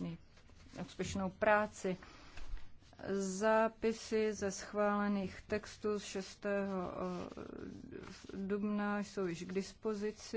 úspěšný, úspěšnou práci. Zápisy ze schválených textů z 6. Eh, dubna jsou již k dispozici.